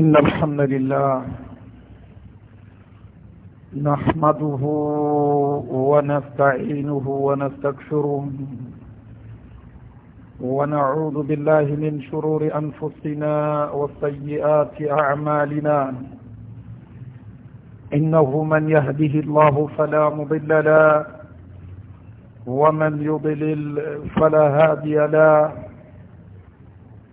إن الحمد لله نحمده ونستعينه ونستكشره ونعوذ بالله من شرور أنفسنا وسيئات أعمالنا إنه من يهده الله فلا مضل له ومن يضلل فلا هادي له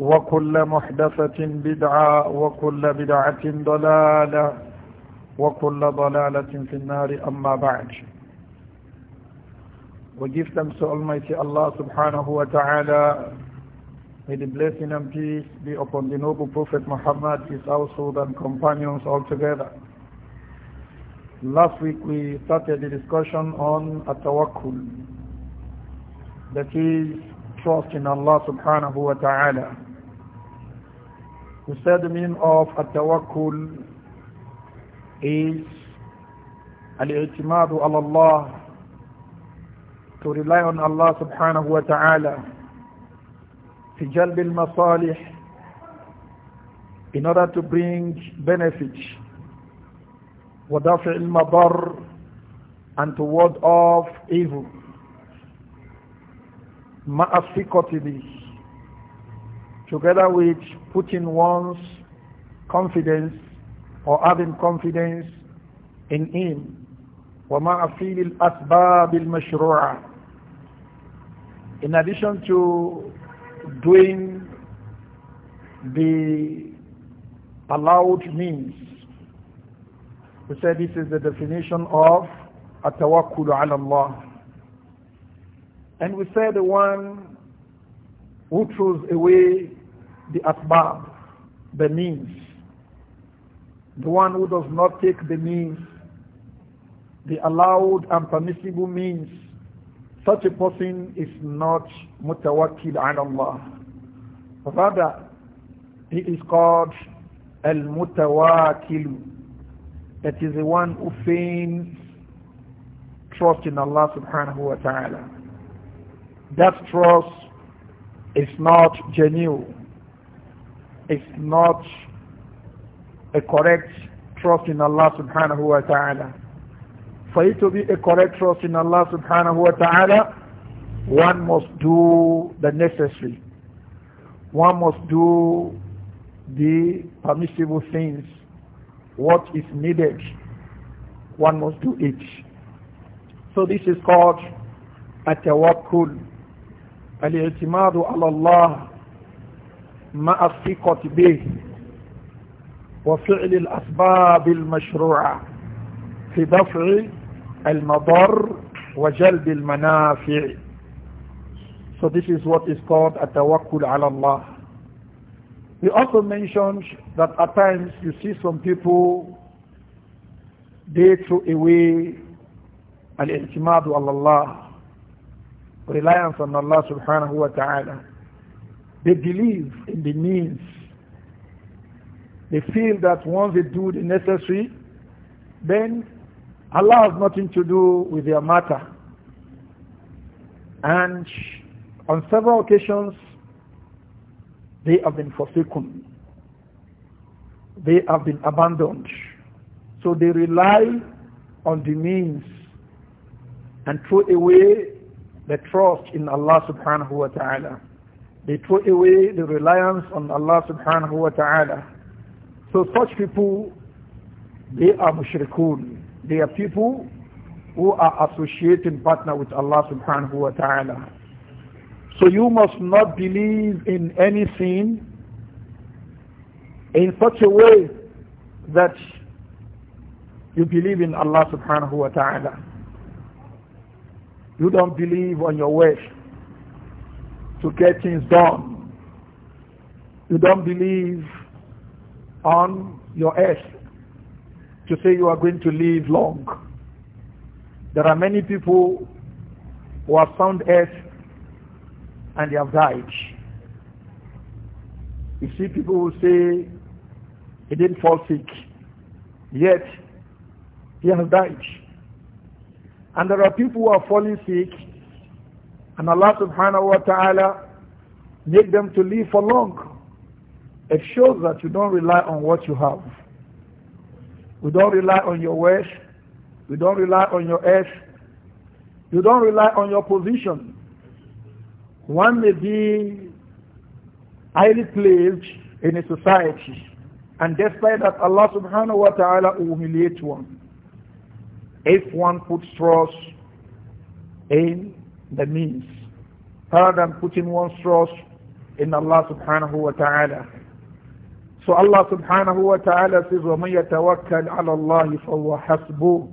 وكل محدثة بدعة وكل بدعة ضلالة وكل ضلالة في النار أما بعد We give thanks to Almighty Allah subhanahu wa ta'ala. May the blessing and peace be upon the noble Prophet Muhammad, his household and companions all together. Last week we started the discussion on at that is trust in Allah subhanahu wa ta'ala. The said meaning of at-tawakkul is al-i'timadu ala Allah to rely on Allah subhanahu wa ta'ala في جلب المصالح in order to bring benefit al المضر and to ward off evil مع ثقة together with putting one's confidence or having confidence in him وما أفيل الأسباب المشروعة in addition to doing the allowed means we say this is the definition of التوكل على الله and we say the one who throws away the asbab, the means. The one who does not take the means, the allowed and permissible means, such a person is not mutawakkil on Allah. Rather, he is called al-mutawakkil. That is the one who feigns trust in Allah subhanahu wa ta'ala. That trust is not genuine is not a correct trust in Allah subhanahu wa ta'ala. For it to be a correct trust in Allah subhanahu wa ta'ala, one must do the necessary. One must do the permissible things. What is needed, one must do it. So this is called at-tawakkul. Al-i'timadu ala Allah مع الثقة به وفعل الأسباب المشروعة في دفع المضر وجلب المنافع So this is what is called at-tawakkul ala Allah. We also mentioned that at times you see some people, they throw away al-i'timadu ala Allah, reliance on Allah subhanahu wa ta'ala. They believe in the means. They feel that once they do the necessary, then Allah has nothing to do with their matter. And on several occasions, they have been forsaken. They have been abandoned. So they rely on the means and throw away the trust in Allah subhanahu wa ta'ala. They throw away the reliance on Allah subhanahu wa ta'ala. So such people, they are mushrikun. They are people who are associating partner with Allah subhanahu wa ta'ala. So you must not believe in anything in such a way that you believe in Allah subhanahu wa ta'ala. You don't believe on your wish to get things done. You don't believe on your earth to say you are going to live long. There are many people who have found earth and they have died. You see people who say he didn't fall sick, yet he has died. And there are people who are falling sick and Allah subhanahu wa ta'ala make them to live for long. It shows that you don't rely on what you have. We don't rely on your wealth. We don't rely on your earth. You don't rely on your position. One may be highly placed in a society, and despite that, Allah subhanahu wa ta'ala will humiliate one if one puts trust in the means rather than putting one's trust in Allah subhanahu wa ta'ala. So Allah subhanahu wa ta'ala says, وَمَنْ يَتَوَكَّلْ عَلَى اللَّهِ فَهُوَ حَسْبُهُ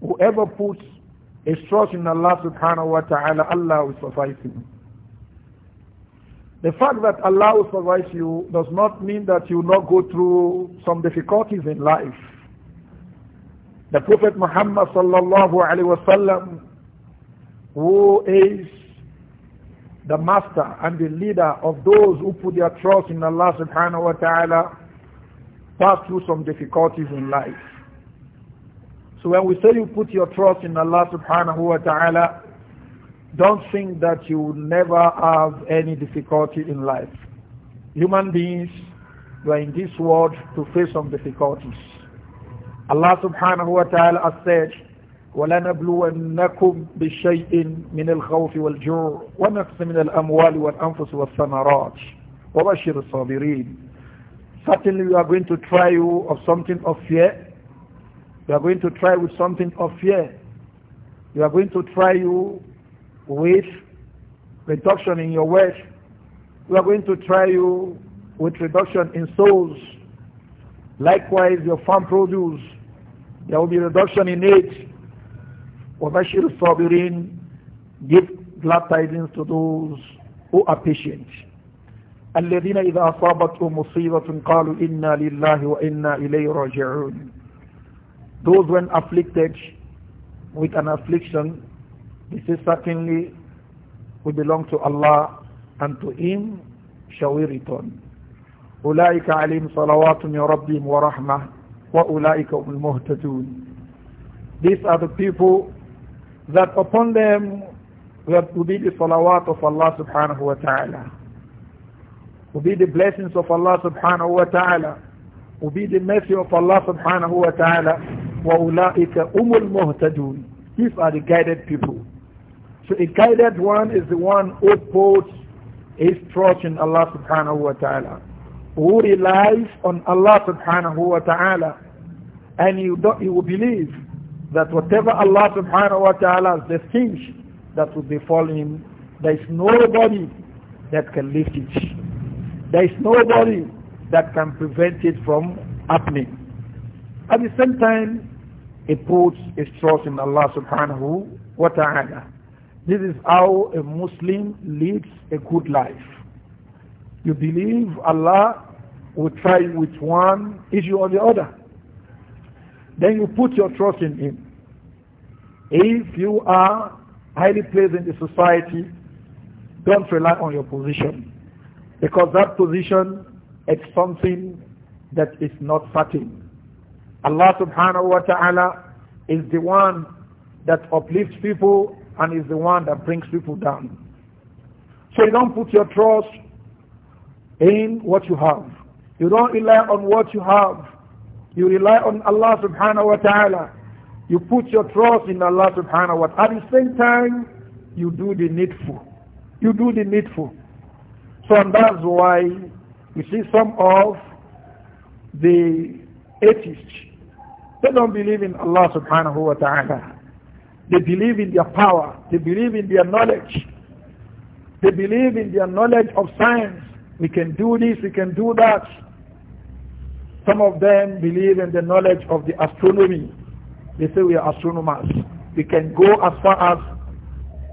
Whoever puts his trust in Allah subhanahu wa ta'ala, Allah will suffice him. The fact that Allah will suffice you does not mean that you will not go through some difficulties in life. The Prophet Muhammad sallallahu alayhi wa sallam who is the master and the leader of those who put their trust in Allah subhanahu wa ta'ala pass through some difficulties in life. So when we say you put your trust in Allah subhanahu wa ta'ala, don't think that you will never have any difficulty in life. Human beings were in this world to face some difficulties. Allah subhanahu wa ta'ala has said, ولنبلونكم بشيء من الخوف والجوع ونقص من الأموال والأنفس والثمرات وبشر الصابرين Certainly we are going to try you of something of fear. We are going to try with something of fear. We are going to try you with reduction in your wealth. We are going to try you with reduction in souls. Likewise, your farm produce, there will be reduction in age. وَبَشِّرِ الصَّابِرِينَ Give glad tidings to those who are patient. الذين إذا أصابتهم مصيبة قالوا إنا لله وإنا إليه راجعون Those when afflicted with an affliction, this is certainly we belong to Allah and to Him shall we return. أولئك عليهم صلوات من ربهم ورحمة وأولئك هم المهتدون These are the people that upon them that will be the salawat of Allah subhanahu wa ta'ala, will be the blessings of Allah subhanahu wa ta'ala, will be the mercy of Allah subhanahu wa ta'ala, وَأُولَٰئِكَ أُمُ الْمُهْتَدُونَ These are the guided people. So a guided one is the one who puts his trust in Allah subhanahu wa ta'ala, who relies on Allah subhanahu wa ta'ala, and he will believe that whatever Allah subhanahu wa ta'ala has destined that will befall him, there is nobody that can lift it. There is nobody that can prevent it from happening. At the same time, it puts its trust in Allah subhanahu wa ta'ala. This is how a Muslim leads a good life. You believe Allah will try with one issue or the other then you put your trust in him. If you are highly placed in the society, don't rely on your position because that position is something that is not certain. Allah subhanahu wa ta'ala is the one that uplifts people and is the one that brings people down. So you don't put your trust in what you have. You don't rely on what you have. You rely on Allah subhanahu wa ta'ala. You put your trust in Allah subhanahu wa ta'ala. At the same time, you do the needful. You do the needful. So and that's why you see some of the atheists. They don't believe in Allah subhanahu wa ta'ala. They believe in their power. They believe in their knowledge. They believe in their knowledge of science. We can do this, we can do that. Some of them believe in the knowledge of the astronomy. They say we are astronomers. We can go as far as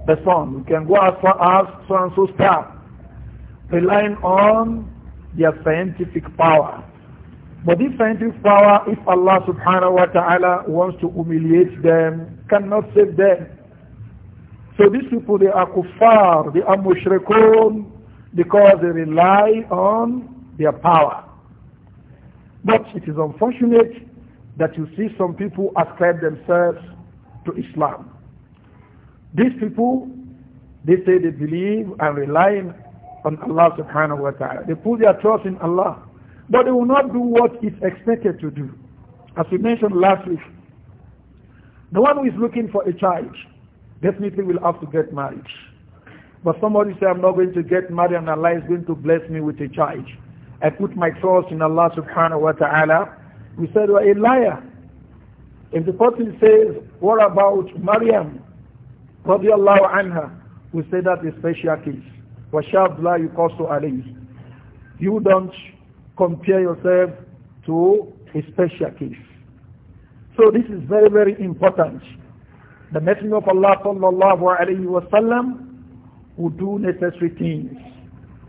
the sun. We can go as far as so and so star, relying on their scientific power. But this scientific power, if Allah subhanahu wa ta'ala wants to humiliate them, cannot save them. So these people, they are kuffar, they are mushrikun, because they rely on their power. But it is unfortunate that you see some people ascribe themselves to Islam. These people, they say they believe and rely on Allah subhanahu wa ta'ala. They put their trust in Allah. But they will not do what is expected to do. As we mentioned last week, the one who is looking for a child definitely will have to get married. But somebody say, I'm not going to get married and Allah is going to bless me with a child. I put my trust in Allah subhanahu wa ta'ala. We said, you are a liar. If the person says, what about Maryam? Radiallahu anha. We say that is special case. وَشَابْ لَا يُقَصُ You don't compare yourself to a special case. So this is very, very important. The Messenger of Allah sallallahu alayhi wa sallam would do necessary things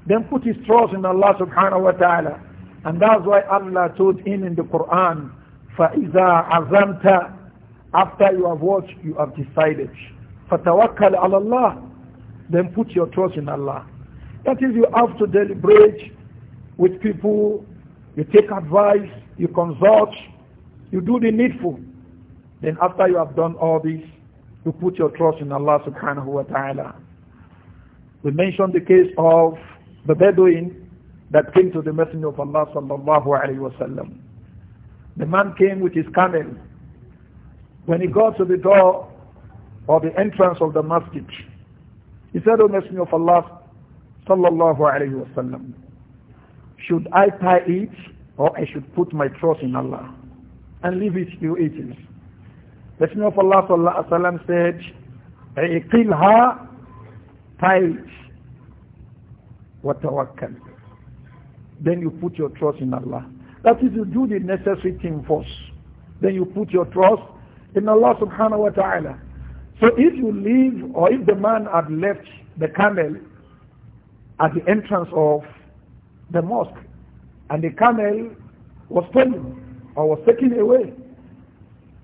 then put his trust in Allah subhanahu wa ta'ala. And that's why Allah told him in the Quran, فَإِذَا عَزَمْتَ After you have watched, you have decided. فَتَوَكَّلْ عَلَى اللَّهِ Then put your trust in Allah. That is, you have to deliberate with people, you take advice, you consult, you do the needful. Then after you have done all this, you put your trust in Allah subhanahu wa ta'ala. We mentioned the case of the Bedouin that came to the Messenger of Allah sallallahu alayhi wasallam. The man came with his camel. When he got to the door or the entrance of the masjid, he said, O Messenger of Allah sallallahu alayhi wasallam, should I tie it or I should put my trust in Allah and leave it to it is. The Messenger of Allah sallallahu alayhi wasallam said, "Iqilha tie it وَتَوَكَّلْ Then you put your trust in Allah. That is, you do the necessary thing first. Then you put your trust in Allah subhanahu wa ta'ala. So if you leave, or if the man had left the camel at the entrance of the mosque, and the camel was stolen or was taken away,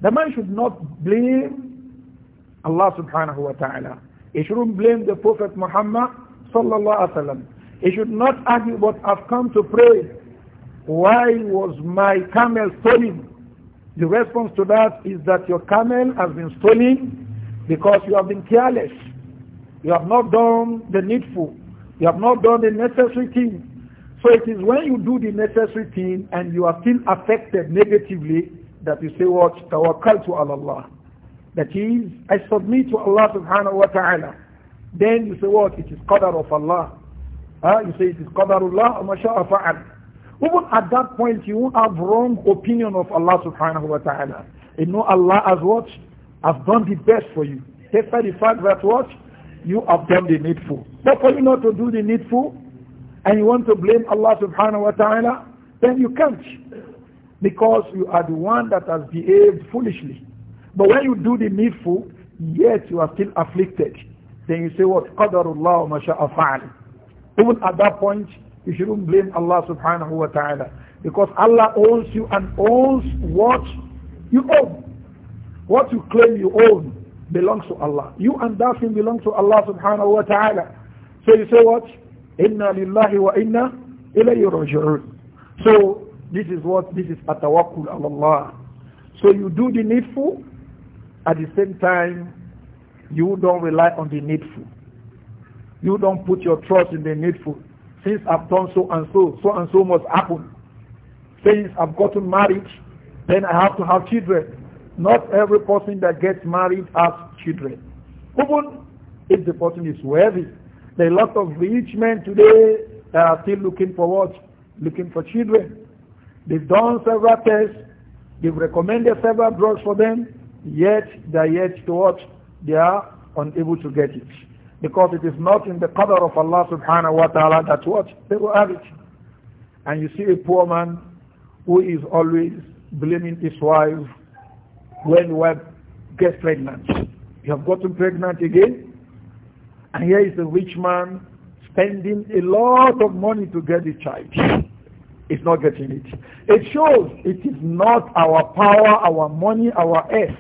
the man should not blame Allah subhanahu wa ta'ala. He shouldn't blame the Prophet Muhammad sallallahu alaihi wasallam. He should not argue, but I've come to pray. Why was my camel stolen? The response to that is that your camel has been stolen because you have been careless. You have not done the needful. You have not done the necessary thing. So it is when you do the necessary thing and you are still affected negatively that you say what? Tawakkal to Allah. That is, I submit to Allah subhanahu wa ta'ala. Then you say what? It is qadar of Allah. Uh, you say it is Qadarullah, masha'a fa'al. Even at that point, you won't have wrong opinion of Allah subhanahu wa ta'ala. You know Allah has what? Has done the best for you. Except the fact that what? You have done the needful. But for you not to do the needful, and you want to blame Allah subhanahu wa ta'ala, then you can't. Because you are the one that has behaved foolishly. But when you do the needful, yet you are still afflicted. Then you say what? Qadarullah wa masha'a fa'al. Even at that point, you shouldn't blame Allah subhanahu wa ta'ala. Because Allah owns you and owns what you own. What you claim you own belongs to Allah. You and that thing belongs to Allah subhanahu wa ta'ala. So you say what? Inna lillahi wa inna ilayhi raji'un. So this is what, this is atawakul Allah. So you do the needful, at the same time, you don't rely on the needful. You don't put your trust in the needful. Since I've done so and so, so and so must happen. Since I've gotten married, then I have to have children. Not every person that gets married has children. Even if the person is wealthy, there are a lot of rich men today that are still looking for what? Looking for children. They've done several tests. They've recommended several drugs for them. Yet, they are yet to what? They are unable to get it. Because it is not in the qadr of Allah subhanahu wa ta'ala that what? They will have it. And you see a poor man who is always blaming his wife when the wife gets pregnant. You have gotten pregnant again. And here is a rich man spending a lot of money to get a child. It's not getting it. It shows it is not our power, our money, our earth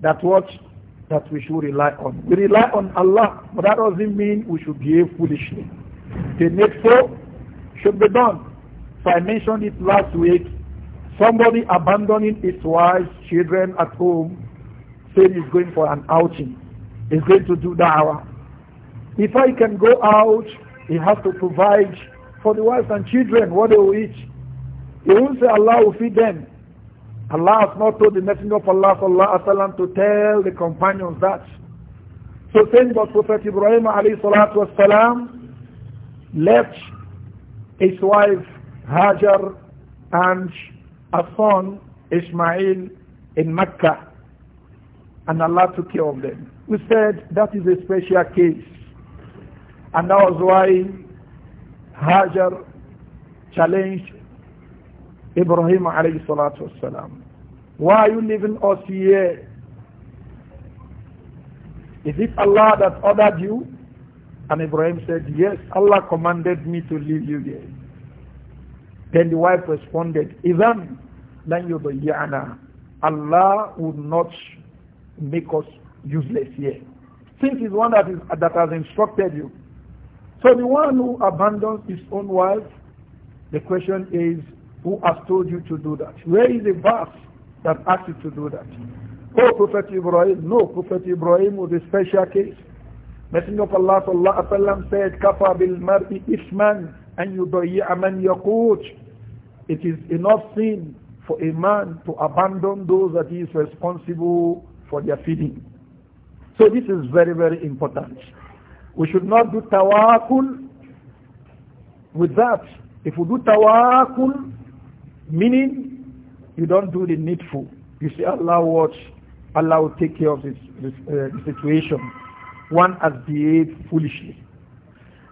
that what that we should rely on. We rely on Allah, but that doesn't mean we should behave foolishly. The four should be done. So I mentioned it last week. Somebody abandoning his wife, children at home, saying he's going for an outing. He's going to do da'wah. If I can go out, he has to provide for the wives and children what they will eat. He won't say Allah will feed them. Allah has not told the Messenger of Allah sallallahu alaihi wasallam to tell the companions that. So saying that Prophet Ibrahim alayhi salatu wasalam left his wife Hajar and a son Ismail in Mecca and Allah took care of them. We said that is a special case and that was why Hajar challenged Ibrahim alayhi salatu wasalam. Why are you leaving us here? Is it Allah that ordered you? And Ibrahim said, Yes, Allah commanded me to leave you here. Then the wife responded, Ivan, lan yudayyana. Allah would not make us useless here. Since he's one that, is, that has instructed you. So the one who abandons his own wife, the question is, who has told you to do that? Where is the verse that asked you to do that. Oh, Prophet Ibrahim, no, Prophet Ibrahim was a special case. Messenger of Allah sallallahu alaihi wasallam said, "Kafa bil mar'i isman an yudayya man yaqut." It is enough sin for a man to abandon those that he is responsible for their feeding. So this is very very important. We should not do tawakkul with that. If we do tawakkul, meaning you don't do the needful. You say, Allah watch, Allah will take care of this, this uh, the situation. One has behaved foolishly.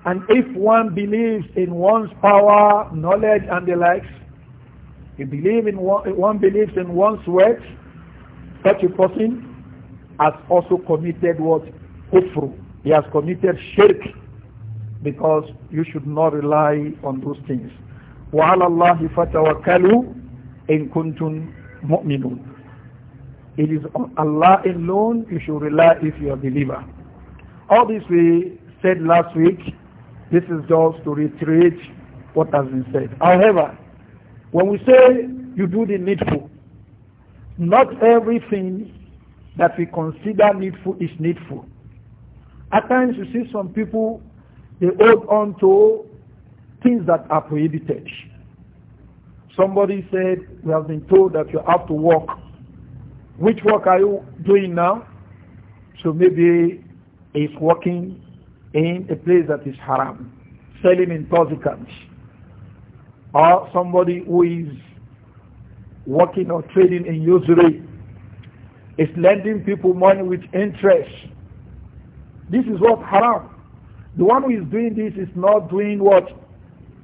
And if one believes in one's power, knowledge, and the likes, you believe in one, one believes in one's words, such a person has also committed what? Kufru. He has committed shirk because you should not rely on those things. وَعَلَى اللَّهِ فَتَوَكَّلُوا in kuntum mu'minun. It is on Allah alone you should rely if you are a believer. All this we said last week. This is just to reiterate what has been said. However, when we say you do the needful, not everything that we consider needful is needful. At times you see some people, they hold on to things that are prohibited. Somebody said, we have been told that you have to work. Which work are you doing now? So maybe he's working in a place that is haram, selling intoxicants. Or somebody who is working or trading in usury is lending people money with interest. This is what haram. The one who is doing this is not doing what?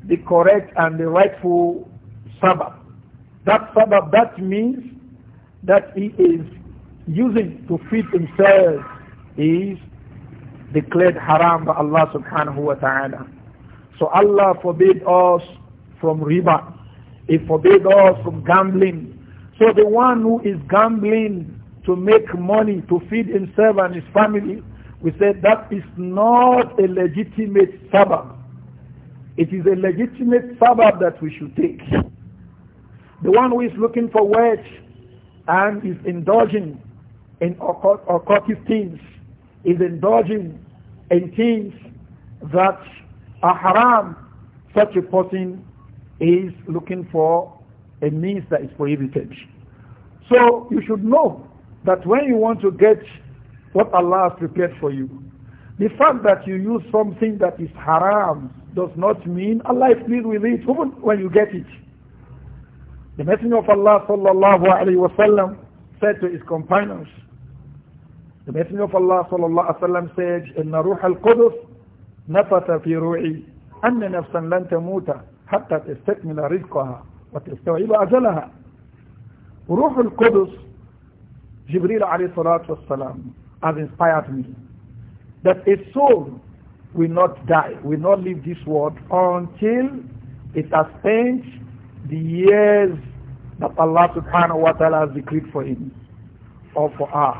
The correct and the rightful sabab. That sabab, that means that he is using to feed himself is declared haram by Allah subhanahu wa ta'ala. So Allah forbade us from riba. He forbade us from gambling. So the one who is gambling to make money to feed himself and his family, we said that is not a legitimate sabab. It is a legitimate sabab that we should take. The one who is looking for wealth and is indulging in occult, things, is indulging in things that are haram, such a person is looking for a means that is prohibited. So you should know that when you want to get what Allah has prepared for you, the fact that you use something that is haram does not mean Allah is pleased with it even when you get it. The Messenger of Allah sallallahu alayhi wa sallam said to his companions, the Messenger of Allah sallallahu alayhi wa sallam said, إِنَّ رُوحَ الْقُدُسِ نَفَثَ فِي رُوعِي أَنَّ نَفْسًا لَن تَمُوتَ حَتَّى تَسْتَكْمِلَ رِزْقَهَا وَتَسْتَوْعِبَ أَجَلَهَا روح القدس Jibril alayhi salatu wasalam has inspired me that a soul will not die, will not leave this world until it has spent the years that Allah subhanahu wa ta'ala has decreed for him or for her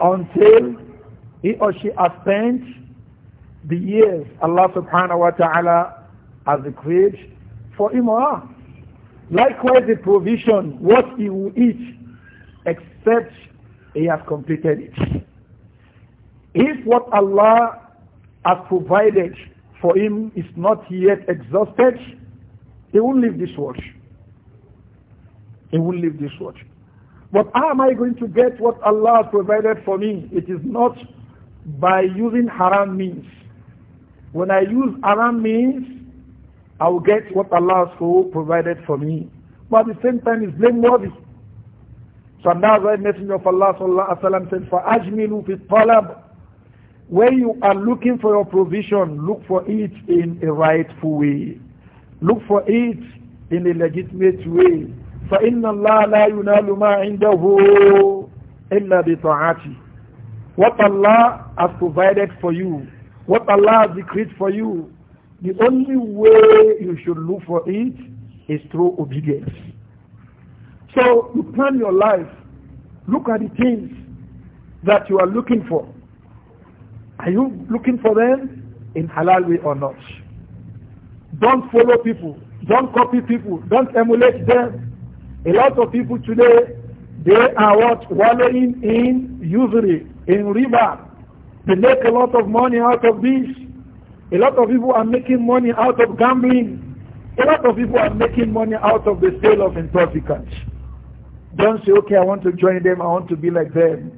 until he or she has spent the years Allah subhanahu wa ta'ala has decreed for him or her. Likewise the provision, what he will eat except he has completed it. If what Allah has provided for him is not yet exhausted, he won't leave this watch. He won't leave this watch. But how am I going to get what Allah has provided for me? It is not by using haram means. When I use haram means, I will get what Allah has provided for me. But at the same time, it's blameworthy. So now, why Messenger of Allah sallallahu alaihi wasallam said, "For ajmilu fi talab." When you are looking for your provision, look for it in a rightful way. Look for it in a legitimate way. فَإِنَّ اللَّهَ لَا يُنَالُ مَا عِنْدَهُ إِلَّا بِطَاعَتِهِ What Allah has provided for you, what Allah has decreed for you, the only way you should look for it is through obedience. So you plan your life. Look at the things that you are looking for. Are you looking for them in halal way or not? Don't follow people. Don't copy people. Don't emulate them. A lot of people today, they are what? Wallowing in usury, in riba. They make a lot of money out of this. A lot of people are making money out of gambling. A lot of people are making money out of the sale of intoxicants. Don't say, okay, I want to join them. I want to be like them.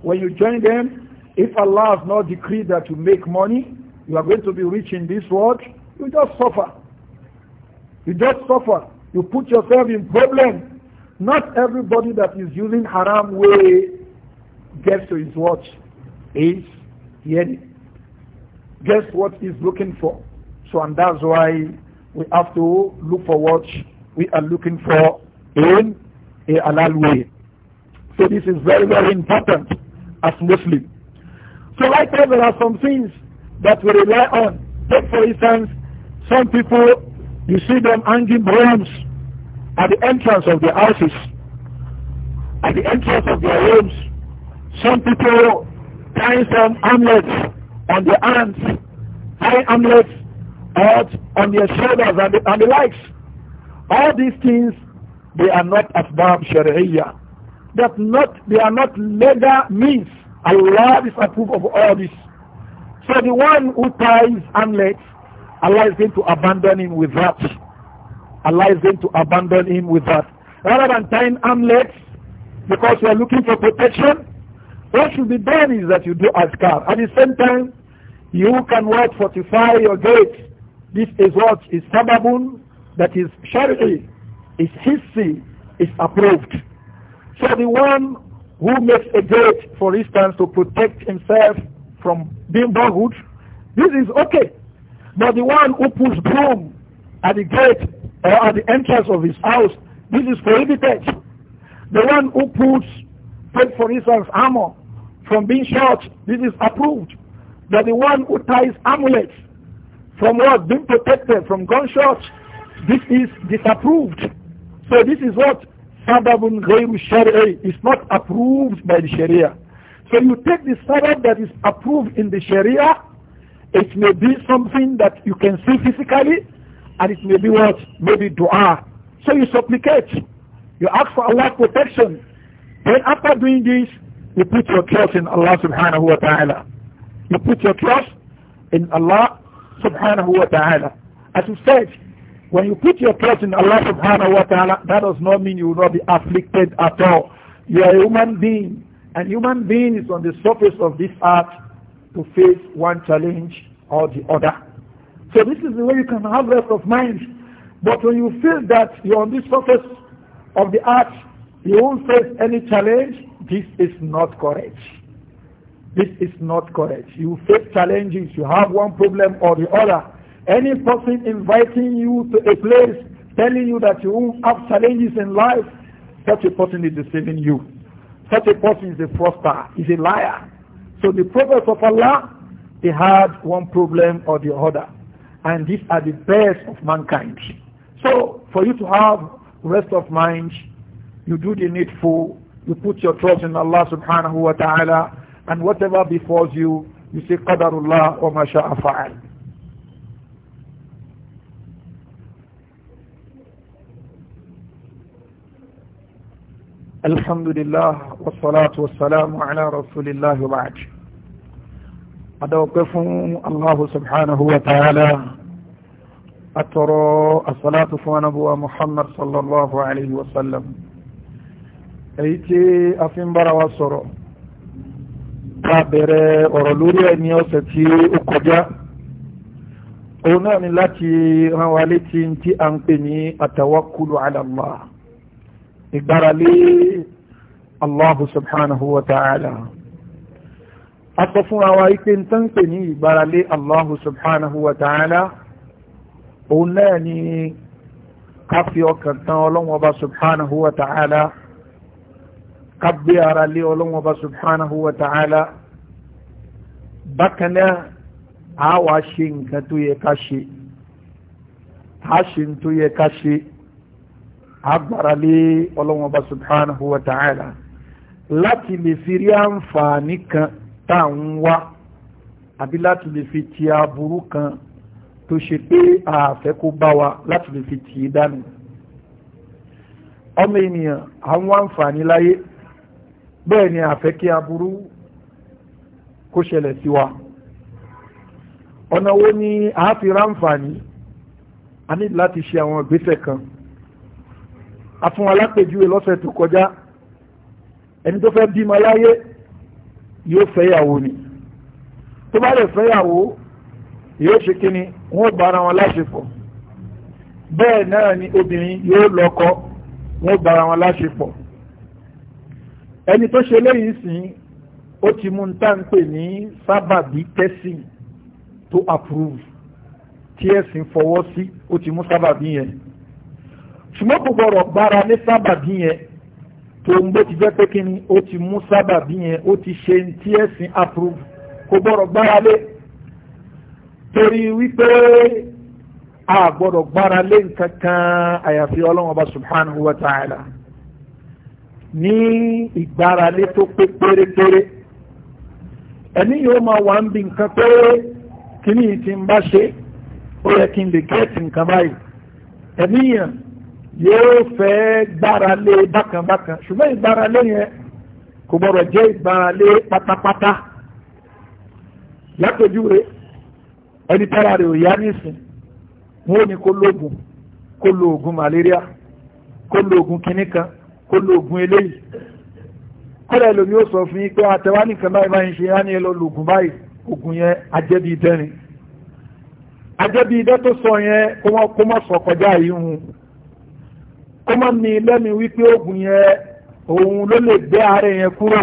When you join them, if Allah has not decreed that you make money, you are going to be rich in this world, you just suffer. You just suffer. You put yourself in problem. Not everybody that is using haram way gets to his watch. Is hearing. Guess what he's looking for. So and that's why we have to look for what we are looking for in a halal way. So this is very, very important as Muslim. So likewise there are some things that we rely on. Take for instance some people, you see them hanging balloons at the entrance of their houses, at the entrance of their homes. Some people tying some amulets on their arms, tying amulets out on their shoulders and the, and the likes. All these things, they are not asbab sharia. That not, they are not legal means. Allah disapproves of all this. So the one who ties amulets Allah is going to abandon him with that. Allah is going to abandon him with that. Rather than tying amulets because you are looking for protection, what should be done is that you do askar. At the same time, you can what fortify your gates. This is what is sababun, that is shari'i, is hissi, is approved. So the one who makes a gate, for instance, to protect himself from being burgled, this is okay. But the one who puts broom at the gate or at the entrance of his house, this is prohibited. The one who puts, take for instance, armor from being shot, this is approved. But the one who ties amulets from what? Being protected from gunshots, this is disapproved. So this is what? Sababun Ghayru Sharia is not approved by the Sharia. So you take the sabab that is approved in the Sharia it may be something that you can see physically, and it may be what? Maybe dua. So you supplicate. You ask for Allah's protection. Then after doing this, you put your trust in Allah subhanahu wa ta'ala. You put your trust in Allah subhanahu wa ta'ala. As you said, when you put your trust in Allah subhanahu wa ta'ala, that does not mean you will not be afflicted at all. You are a human being. And human being is on the surface of this earth to face one challenge or the other. So this is the way you can have rest of mind. But when you feel that you're on the surface of the earth, you won't face any challenge, this is not courage. This is not courage. You face challenges, you have one problem or the other. Any person inviting you to a place, telling you that you won't have challenges in life, such a person is deceiving you. Such a person is a fraudster, is a liar. So the prophets of Allah, they had one problem or the other. And these are the best of mankind. So for you to have rest of mind, you do the needful, you put your trust in Allah subhanahu wa ta'ala, and whatever befalls you, you say qadarullah wa ma sha'a fa'al. الحمد لله والصلاة والسلام على رسول الله adáwọ̀pẹ́ fún Allahu subhanahu wa ta'ala atọrọ asalatu fún anabuwa Muhammad sallallahu alayhi wa sallam èyí tí a fi ń bára wa sọ̀rọ̀ ká bẹ̀rẹ̀ ọ̀rọ̀ lórí ẹ̀ ní ọ̀sẹ̀ tí ó kọjá òun náà ni láti rán wa létí tí a ń pè ní àtàwákùlù ala Allah ìgbáralé Allahu subhanahu wa ta'ala akọ fún àwa ipé tó ń pè ní ìgbáralé Allahu subhanahu wa ta'ala òun náà ni ká fi ọkàn tán Ọlọ́hun Ọba subhanahu wa ta'ala ká gbé ara lé Ọlọ́hun Ọba subhanahu wa ta'ala bákan náà a wá ṣe nǹkan tó yẹ ká ṣe a ṣe tó yẹ ká ṣe a gbára lé Ọlọ́hun Ọba subhanahu wa ta'ala láti lè fi rí àǹfààní kan tá à ń wá àbí láti lè fi ti aburú kan tó ṣe pé àfẹ́ kó bá wa láti lè fi tì í dànù ọmọ ènìyàn àwọn àǹfààní láyé bẹ́ẹ̀ ni àfẹ́ kí aburú kó ṣẹlẹ̀ sí wa ọ̀nà wo ni a fi ráǹfààní a ní láti ṣe àwọn ìgbésẹ̀ kan a fún alápèjúwe lọ́sẹ̀ tó kọjá ẹni tó fẹ́ bímọ láyé yóò fẹ́yàwó ni tó bá lè fẹ́yàwó yóò ṣe kí ni wọ́n bára wọn láṣepọ̀ bẹ́ẹ̀ náà ni obìnrin yóò lọ́kọ wọ́n bára wọn láṣepọ̀ ẹni tó ṣe léyìí sìn ó ti mú ń tàǹpè ní sábàbí tẹ́sìn tó approve tí ẹ̀sìn fọwọ́ sí ó ti mú sábàbí yẹn ṣùgbọ́n kò gbọ́dọ̀ gbára ní sábàbí yẹn tó ń bó ti jẹ́ pé kíni ó ti mú sábà bí yẹn ó ti ṣe tí ẹ̀sìn approve kò gbọ́dọ̀ gbára lé torí wípé a gbọ́dọ̀ gbára lé nǹkan kan àyàfi ọlọ́run ọba subhanahu wa ta'ala ní ìgbára lé tó pé pérépéré ẹni yóò máa wà ń bi nǹkan pé kíní ti ń bá ṣe ó yẹ kí n lè gẹ́ẹ̀tì nǹkan báyìí ẹ̀mí yẹn yóò fẹ́ gbáralé bakan ṣùgbọ́n ìgbáralé yẹn kò gbọ́dọ̀ jẹ́ lé pátápátá látòjúwe ẹni tára rẹ̀ ò yá nísìn wọ́n ní kó lóògùn kó lóògùn malaria kó lóògùn oògùn kan kó lóògùn eléyìí ó sọ fún yín pé nìkan báyìí ṣe ẹ lọ báyìí kó mọ́ mi lẹ́mi wípé oògùn yẹn òun ló lè gbé ààrẹ yẹn kúrò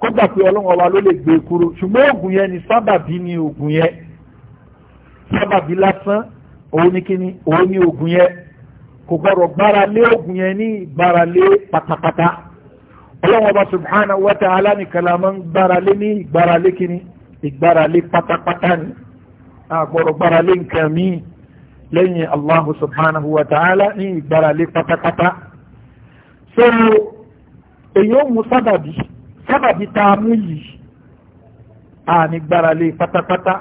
kó gbà pé ọlọ́run ọba ló lè gbé e kúrò ṣùgbọ́n oògùn yẹn ni sábàbí ni oògùn yẹn sábàbí lásán òun ni kíni òun ni oògùn yẹn kò gbọ́dọ̀ gbára lé oògùn yẹn ní ìgbára lé pátápátá ọlọ́run ọba subhanahu wa ta'ala nìkan la máa ń gbára lé ní ìgbára lé kíni ìgbára lé pátápátá ni àgbọ̀dọ̀ gbára lé nǹkan míì lẹ́yìn Allahu subhanahu wa ta'ala ní ìgbáralé pátápátá so èyí ó mú sábàbí sábàbí tá a mú yìí a ní gbáralé pátápátá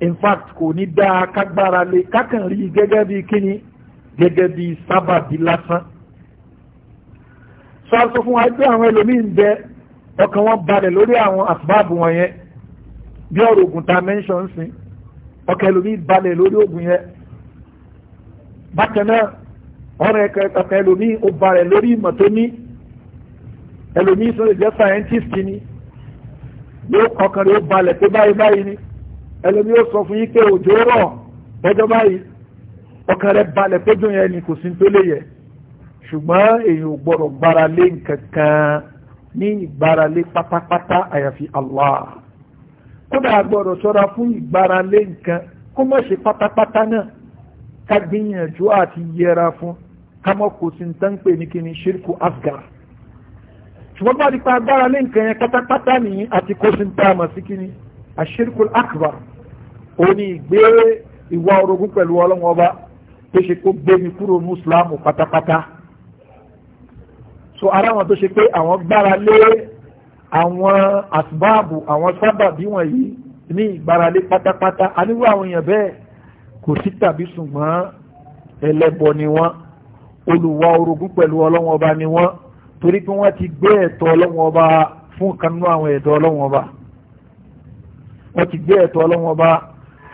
in fact kò ní dáa ká gbáralé kákan rí gẹ́gẹ́ bí kíni gẹ́gẹ́ bí sábàbí lásán so a sọ fún wa pé àwọn ẹlòmíín bẹ ọkàn wọn balẹ̀ lórí àwọn àsìbáàbù wọn yẹn bí ọ̀rọ̀ ògùn tá mẹ́ńsọ̀ ń sìn ọkàn ẹlòmíín balẹ̀ lórí ògùn yẹn bákan náà ọ̀rọ̀ ẹ̀kọ́ ẹ̀kọ́ ẹlòmíì ó ba rẹ̀ lórí ìmọ̀ tó ní ẹlòmíì sọ̀rọ̀ jẹ́ scientist ni yóò ọkàn rẹ̀ ó balẹ̀ pé báyìí báyìí ni ẹlòmíì ó sọ fún yín pé òjò rọ̀ lọ́jọ́ báyìí ọkàn rẹ̀ balẹ̀ péjọ yẹn ni kò sí tó lè yẹ ṣùgbọ́n èèyàn ò gbọ́dọ̀ gbára lé nǹkan ní ìgbára lé pátápátá àyàfi Allah kódà gbọ́dọ̀ ṣọ́ra fún ìgbára lé nǹkan kó má ṣe pátápátá náà ká gbìyànjú àti yẹra fún ká mọ́ kò sí tán pè ní kíni ṣírkù asgar ṣùgbọ́n bá nípa agbára lé nǹkan yẹn pátápátá nìyí àti kò sí tá a mọ̀ sí kíni àṣírkù akbar ó ní ìgbé ìwà orogún pẹ̀lú ọlọ́wọ́n ọba tó ṣe kó gbé mi kúrò ní islam pátápátá so ara wọn tó ṣe pé àwọn gbára lé àwọn àsìbáàbù àwọn sábàbí wọ̀nyí ní ìgbára lé pátápátá a nílò àwọn èèyàn bẹ́ẹ̀ kò sí tàbí ṣùgbọ́n ẹlẹ́bọ ni wọ́n olùwà orogún pẹ̀lú ọlọ́wọ́n ọba ni wọ́n torí pé wọ́n ti gbé ẹ̀tọ́ ọlọ́wọ́n ọba fún kan nínú àwọn ẹ̀tọ́ ọlọ́wọ́n ọba wọ́n ti gbé ẹ̀tọ́ ọlọ́wọ́n ọba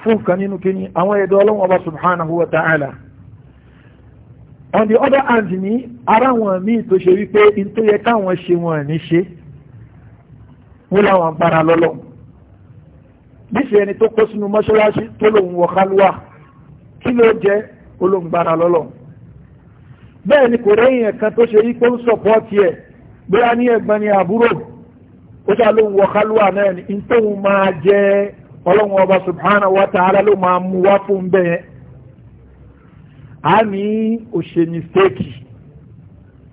fún kan nínú kíní àwọn ẹ̀tọ́ ọlọ́wọ́n ọba subhanahu wa ta'ala on the other hand ni ara wọn míì tó ṣe wípé in tó yẹ káwọn ṣe wọn ní ṣe wọ́n láwọn bára lọ́lọ́ níṣẹ́ ẹni tó kó sínú mọ́ṣáláṣí tó lòun wọ̀ kálúwà kí ló jẹ́ olóńgbára lọ́lọ́ bẹ́ẹ̀ ni kò rẹ́yìn ẹ̀kan tó ṣe yípo ń sọ̀pọ́ọ̀tì ẹ̀ bóyá ní ẹ̀gbọ́n ni àbúrò ó ṣá ló ń wọ kálúwà náà ní tóun máa jẹ́ ọlọ́run ọba subhanahu wa ta'ala ló máa mú wá fún bẹ́ẹ̀ a ní ó ṣe mistake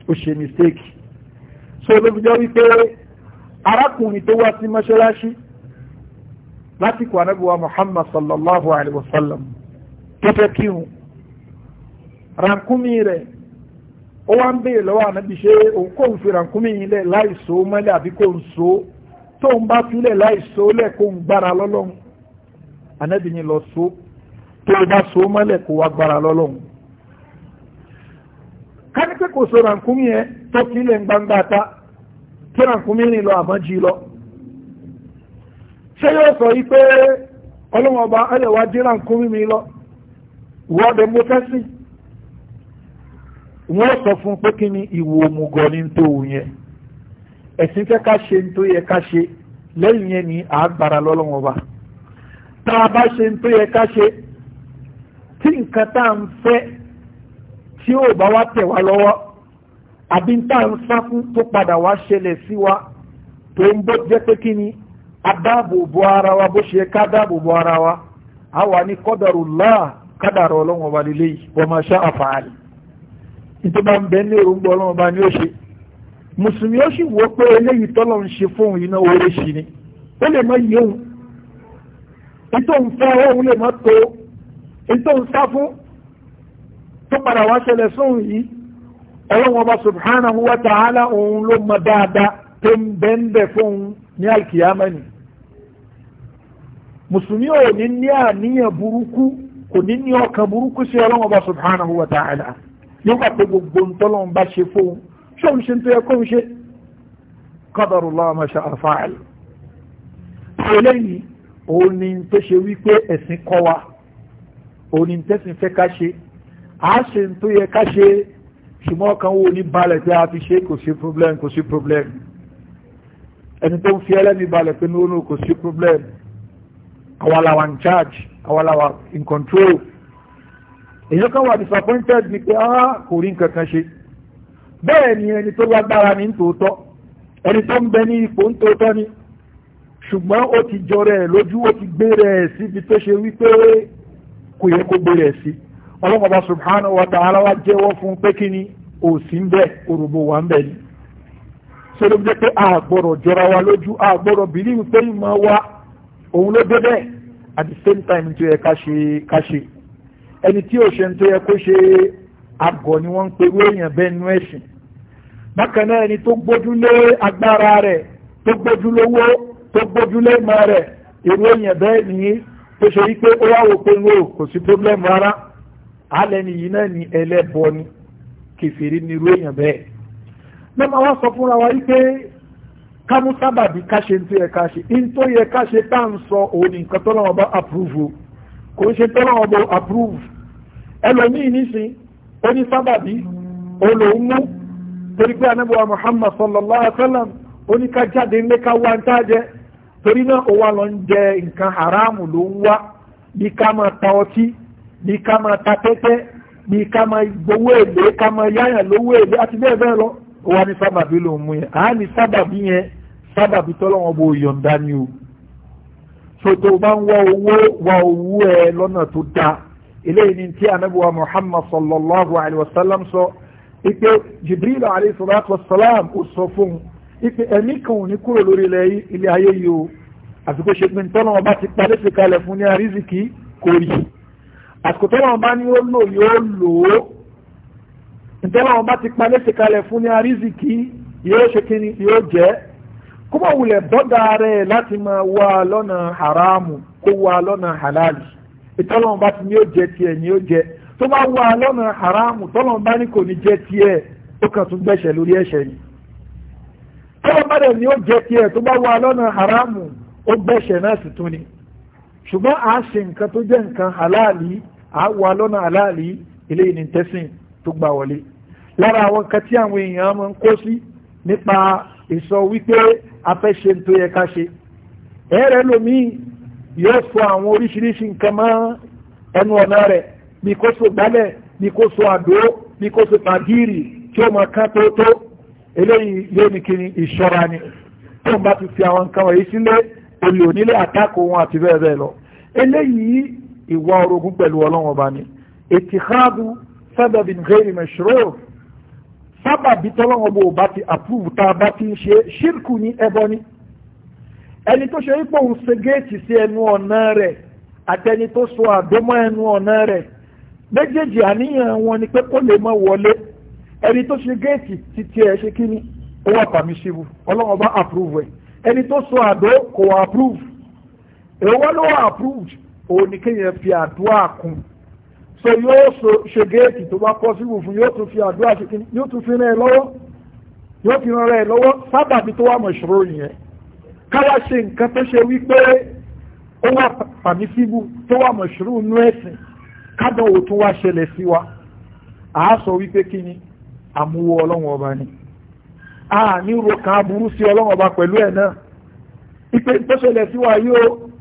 ó ṣe mistake so ló fi jẹ́ wípé arákùnrin tó wá sí mọ́ṣáláṣí lásìkò anábìwá muhammad sallallahu alayhi wa sallam tó fẹ́ kírun rànkúmí rẹ̀ ó wá ń béèrè lọ́wọ́ ànábi ṣé òun kò ń fi rànkúmí yìí lẹ̀ láìsó mọ́lẹ̀ àbí kò n so tóun bá túlẹ̀ láìsó lẹ̀ kó ń gbára lọ so tó bá so mọ́lẹ̀ kó wá gbára lọ́lọ́run kání pé kò so rànkúmí yẹn tó kílẹ̀ ń gbangba ta lọ àmọ́ lọ ṣé yóò sọ yìí pé ọlọ́wọ́n ọba mi lọ wọ́ọ̀dẹ̀ mo fẹ́ sìn wọ́n sọ fún pé kí ni ìwò òmùgọ̀ ní tó wù yẹn ẹ̀sìn fẹ́ ká ṣe tó ká ṣe lẹ́yìn yẹn ni lọ́lọ́wọ́n wa tá a bá ṣe tó yẹ ká ṣe tí nǹkan tá à ń fẹ́ tí ò bá wá wa tó ń jẹ́ pé kí ni a dáàbò wa bó ṣe ká dáàbò wa ní kọ́dọ̀rù kádàrọ̀ ọlọ́run ọba lílé yìí wọ́n máa ṣá àfààní nítorí bá ń bẹ ní èròǹgbà ọlọ́run ọba ni ó ṣe mùsùlùmí ó sì wọ́ pé eléyìí tọ́lọ̀ ń ṣe fóun iná oore ṣì ni ó lè má yé òun ètò ń fẹ́ òun lè má tó ètò ń fún tó padà wá ṣẹlẹ̀ sóhun yìí ọlọ́run ọba subhanahu wa ta'ala òun ló mọ dáadáa tó ń bẹ́ ń bẹ̀ fóun ní àìkìyámà mùsùlùmí ò ní ní àníyàn burúkú kò ní ní ọkàn burúkú sí ọlọ́wọ́n bá subhanahu wa ta'ala nígbà pé gbogbo ntọ́lọ́wọ́n bá ṣe fóun ṣé òun ṣe ń tó yẹ kó ń ṣe qadarullah ma sha'a fa'al eléyìí òun ni tó ṣe wípé ẹ̀sìn kọ́ wa òun ni tẹ́sìn fẹ́ ká ṣe àá ṣe ń tó yẹ ká ṣe ṣùgbọ́n kan wo ní balẹ̀ pé a fi ṣe kò sí problem kò sí problem ẹni tó ń fi ẹlẹ́ni balẹ̀ pé ní ó ní kò sí problem àwọn làwọn in charge àwọn làwọn in control èyí kan wà disappointed ni pé ah kò rí nǹkan kan ṣe bẹ́ẹ̀ ni ẹni tó lágbára ní tòótọ́ ẹni tó ń bẹ ní ipò ń tòótọ́ ni ṣùgbọ́n ó ti jọrẹ ẹ̀ lójú ó ti gbére ẹ̀ síbi tó ṣe wípé kò yẹ kó gbére ẹ̀ sí ọlọ́mọ bá subhanahu wa ta'ala wa jẹ́wọ́ fún pé kí ni òsì ń bẹ òrùbó wà ń bẹ ni ṣé ló jẹ́ pé a gbọ́dọ̀ jọra wa lójú a gbọ́dọ̀ pé ìmọ̀ wa òun ló dé bẹ́ẹ̀ at the same time tó yẹ ká ṣe ẹni tí ò ṣe tó yẹ kó ṣe àgọ̀ ni wọ́n ń pe wéèyàn bẹ́ẹ̀ nú ẹ̀sìn bákan náà ẹni tó gbójúlé agbára rẹ̀ tó gbójúlówó tó gbójúlé ìmọ̀ rẹ̀ irú èèyàn bẹ́ẹ̀ ní tó ṣe wípé ó wá wò pé ńlò kò sí pọ́blẹ́mù rárá alẹ́ nìyí náà ní ẹlẹ́bọ ni kẹfìrí ní irú èèyàn bẹ́ẹ̀. mẹ́ma wá sọ fúnra wa wípé kámú sábàbí káṣe tó yẹ káṣe in tó yẹ káṣe tá à ń sọ òun ní nǹkan tọ́lọ́wọ́n bá approve o kò ń ṣe tọ́lọ́wọ́n bá approve ẹlòmíì nísìn ó ní sábàbí olóhùn mú torí pé anábọ̀wá Muhammad sallallahu alayhi wa sallam ó ní ká jáde ńlẹ́ ká wá ń tá jẹ torí náà ó wá lọ ń jẹ nǹkan haramu ló ń wá bí ká máa ta ọtí bí ká máa ta tẹ́tẹ́ bí ká máa gbowó èlé ká máa yáyàn lówó èlé àti bẹ́ẹ̀ bẹ́ẹ̀ lọ ó wá ní sábàbí ló ń mú yẹn àá ní sábàbí yẹn sábàbí tọ́lọ́wọ́n bó yọ̀ǹda ni o soto bá ń wá owó wá owó ẹ lọ́nà tó dáa eléyìí ni tí anabiwa muhammad sallallahu alayhi wa sallam sọ ipe jibril alayhi salatu wa salam ó sọ fún un ipe ẹ̀mí kan ò ní kúrò lórí ilé ayé yìí o àsìkò ṣe pé tọ́lọ́wọ́n bá ti palẹ́ fi fún ní àrísìkí kò rí àsìkò tọ́lọ́wọ́n bá ní ó lò yóò lò ó ǹjẹ́ làwọn bá ti pa lẹ́sẹ̀ kalẹ̀ fún ní arísìkí yóò ṣe kí ni yóò jẹ́ kó wulẹ̀ bọ́dà rẹ̀ láti máa wá lọ́nà haramu kó wá lọ́nà halali ìtọ́lọ́wọ́n bá ti ní yóò jẹ tiẹ̀ ni yóò jẹ tó bá wá lọ́nà haramu tọ́lọ́wọ́n bá ní kò ní jẹ tiẹ̀ ó kàn tún gbẹ̀ṣẹ̀ lórí ẹ̀ṣẹ̀ ni tọ́lọ́wọ́n bá dẹ̀ ni yóò jẹ tiẹ̀ tó bá wá lọ́nà haramu ó gbẹ̀ṣẹ̀ náà sì tún ni ṣùgbọ́n a ṣe nǹkan tó jẹ́ nǹkan halali a wá lọ́nà halali ilé ìnìtẹ́sìn tó gbà wọlé lára àwọn nǹkan tí àwọn èèyàn mọ́ ń kó sí nípa ìsọ wípé afẹ́ṣe tó yẹ ká ṣe ẹ̀rẹ́ lomi yóò sọ àwọn oríṣiríṣi nǹkan mọ́ ẹnu ọ̀nà rẹ̀ bí kó so gbálẹ̀ bí kó so àdó bí kó so pàgírì tí ó mọ̀ kán tó tó eléyìí yóò ní kí ni ìṣọ́ra ni tó ń bá ti fi àwọn nǹkan wọ̀nyí sílé olè onílé àtakò wọn àti bẹ́ẹ̀ bẹ́ẹ̀ lọ eléyìí ìwà orogún pẹ̀lú ọlọ́wọ́n ọba ni ètìkáàdù sábàbí nìkẹ́rì mẹ́ṣúrò sábàbí tọ́lọ́wọ́ bò bá ti approve tá a bá ti ń ṣe ṣírkù ní ẹbọ ni ẹni tó ṣe wípé òun ṣe géètì sí ẹnu ọ̀nà rẹ̀ àtẹni tó so àdómọ́ ẹnu ọ̀nà rẹ̀ méjèèjì àníyàn wọn ni pé kó lè mọ wọlé ẹni tó ṣe géètì títí ẹ ṣe kí ni ó wà permissible ọlọ́wọ́ bá approve ẹ̀ ẹni tó so àdó kò approve èwo ló wà approved òun ni kéèyàn fi àdúrà kún so yóò ṣe géètì tó bá kọ́ síwò fún yóò tún fi àdúrà ṣe kí yóò tún fi rán ẹ lọ́wọ́ yóò fi rán ẹ lọ́wọ́ sábàbí tó wà mọ̀ṣòro yẹn káwá ṣe nǹkan tó ṣe wípé ó wà pàmísíbù tó wà mọ̀ṣòro nú ẹ̀sìn kádọ̀ ò tún wá ṣẹlẹ̀ sí wa àá sọ wípé kí ni àmúwò ọlọ́run ọba ni a ní ro kan aburú sí ọlọ́run ọba pẹ̀lú ẹ̀ náà ìpè tó ṣẹlẹ̀ sí wa yóò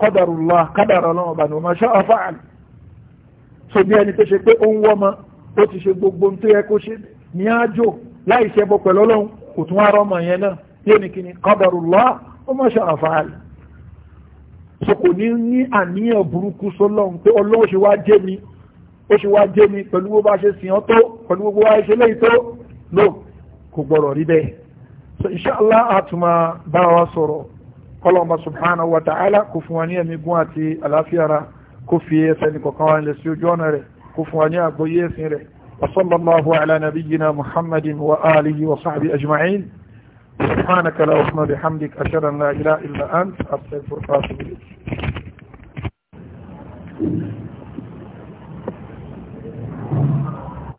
kọ́dàrú lọ so bí ẹni tó ṣe pé ó ń wọ́mọ ó ti ṣe gbogbo tó yẹ kó ṣe ní àjò láì ṣe bọ pẹ̀lú ọlọ́run kò tún ara ọmọ yẹn náà yóò ní kíni qadarullah ó mọ̀ ṣe àfààlì so kò ní ní àníyàn burúkú sọlọ́run pé ọlọ́run ṣe wá jẹ́ mi ó ṣe wá jẹ́ mi pẹ̀lú bó bá ṣe sìn ọ́ tó pẹ̀lú gbogbo wá ṣe léyìí tó no kò gbọ́dọ̀ rí bẹ́ẹ̀ so inshallah àtùmọ̀ bá wa sọ̀rọ̀ kọ́lọ́mọ subhanahu wa ta'ala kò fún wa ní ẹ̀mí gún àti àlàáfíà ra. وصلي الله على نبينا محمد وآله وصحبه أجمعين سبحانك لا أحمد بحمدك أشهد أن لا إله إلا أنت أستغفرك وأتوب